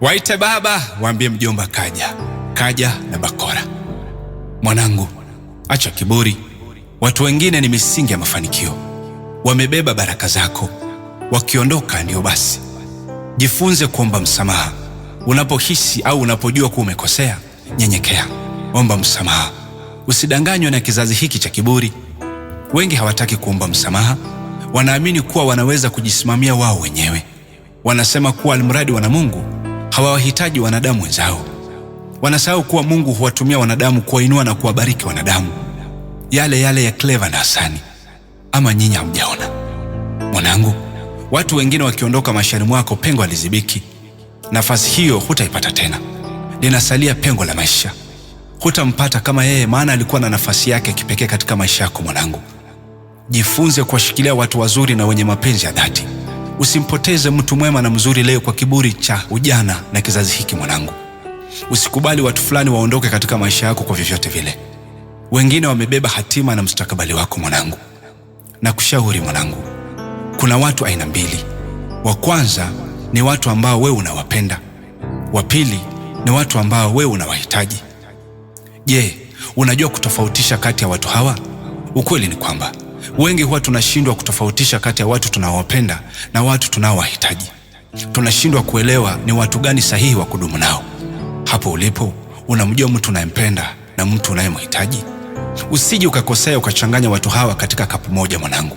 Waite baba, waambie mjomba kaja, kaja na bakora. Mwanangu, acha kiburi. Watu wengine ni misingi ya mafanikio, wamebeba baraka zako, wakiondoka ndio basi. Jifunze kuomba msamaha unapohisi au unapojua kuwa umekosea. Nyenyekea, omba msamaha, usidanganywe na kizazi hiki cha kiburi. Wengi hawataki kuomba msamaha, wanaamini kuwa wanaweza kujisimamia wao wenyewe. Wanasema kuwa almradi wana Mungu hawawahitaji wanadamu wenzao. Wanasahau kuwa Mungu huwatumia wanadamu kuwainua na kuwabariki wanadamu, yale yale ya Cleva na Hasani. Ama nyinyi hamjaona? Mwanangu, watu wengine wakiondoka maishani mwako, pengo alizibiki Nafasi hiyo hutaipata tena, linasalia pengo la maisha. Hutampata kama yeye, maana alikuwa na nafasi yake kipekee katika maisha yako. Mwanangu, jifunze kuwashikilia watu wazuri na wenye mapenzi ya dhati. Usimpoteze mtu mwema na mzuri leo kwa kiburi cha ujana na kizazi hiki. Mwanangu, usikubali watu fulani waondoke katika maisha yako kwa vyovyote vile. Wengine wamebeba hatima na mustakabali wako mwanangu. Na kushauri mwanangu, kuna watu aina mbili. Wa kwanza ni watu ambao wewe unawapenda, wa pili ni watu ambao wewe unawahitaji. Je, unajua kutofautisha kati ya watu hawa? Ukweli ni kwamba Wengi huwa tunashindwa kutofautisha kati ya watu tunaowapenda na watu tunaowahitaji. Tunashindwa kuelewa ni watu gani sahihi wa kudumu nao. Hapo ulipo, unamjua mtu unayempenda na mtu unayemhitaji? Usije ukakosea ukachanganya watu hawa katika kapu moja, mwanangu.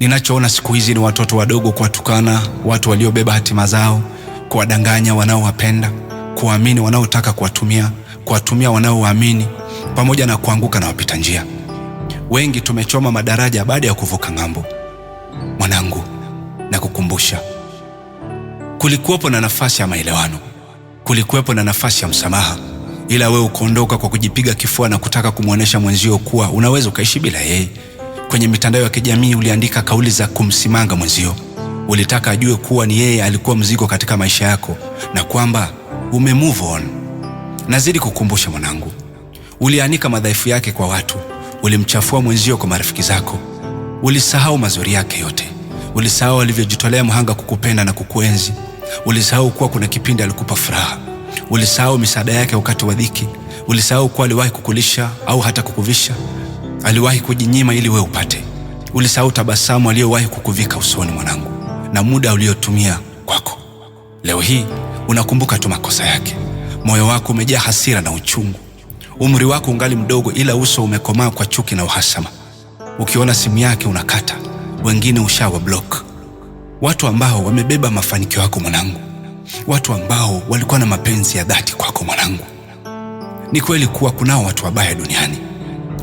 Ninachoona siku hizi ni watoto wadogo kuwatukana watu waliobeba hatima zao, kuwadanganya wanaowapenda, kuwaamini wanaotaka kuwatumia, kuwatumia wanaowaamini, pamoja na kuanguka na wapita njia wengi tumechoma madaraja baada ya kuvuka ng'ambo. Mwanangu, nakukumbusha, kulikuwepo na nafasi ya maelewano, kulikuwepo na nafasi ya msamaha, ila wewe ukaondoka kwa kujipiga kifua na kutaka kumwonyesha mwenzio kuwa unaweza ukaishi bila yeye. Kwenye mitandao ya kijamii uliandika kauli za kumsimanga mwenzio, ulitaka ajue kuwa ni yeye alikuwa mzigo katika maisha yako na kwamba ume move on. Nazidi kukumbusha mwanangu, ulianika madhaifu yake kwa watu Ulimchafua mwenzio kwa marafiki zako, ulisahau mazuri yake yote, ulisahau alivyojitolea mhanga kukupenda na kukuenzi, ulisahau kuwa kuna kipindi alikupa furaha, ulisahau misaada yake wakati wa dhiki, ulisahau kuwa aliwahi kukulisha au hata kukuvisha, aliwahi kujinyima ili wewe upate, ulisahau tabasamu aliyowahi kukuvika usoni, mwanangu, na muda uliotumia kwako. Leo hii unakumbuka tu makosa yake, moyo wako umejaa hasira na uchungu. Umri wako ungali mdogo, ila uso umekomaa kwa chuki na uhasama. Ukiona simu yake unakata, wengine ushawa block. Watu ambao wamebeba mafanikio yako mwanangu, watu ambao walikuwa na mapenzi ya dhati kwako mwanangu. Ni kweli kuwa kunao watu wabaya duniani.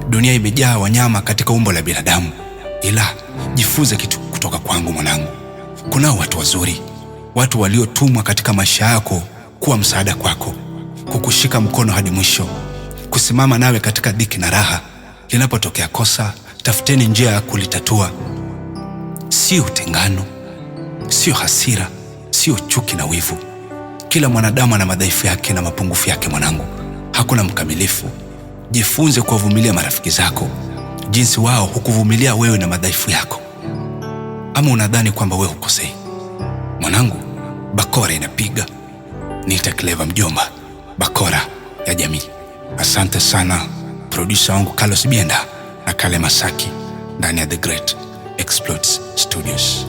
Dunia imejaa wanyama katika umbo la binadamu, ila jifunze kitu kutoka kwangu mwanangu. Kunao watu wazuri, watu waliotumwa katika maisha yako kuwa msaada kwako, kukushika mkono hadi mwisho kusimama nawe katika dhiki na raha. Linapotokea kosa, tafuteni njia ya kulitatua, sio utengano, sio hasira, sio chuki na wivu. Kila mwanadamu ana madhaifu yake na mapungufu yake, mwanangu, hakuna mkamilifu. Jifunze kuwavumilia marafiki zako jinsi wao hukuvumilia wewe na madhaifu yako. Ama unadhani kwamba wewe hukosei? Mwanangu, bakora inapiga. Niita Cleva mjomba, bakora ya jamii. Asante sana produsa wangu Carlos Bienda na Kale Masaki ndani ya The Great Exploits Studios.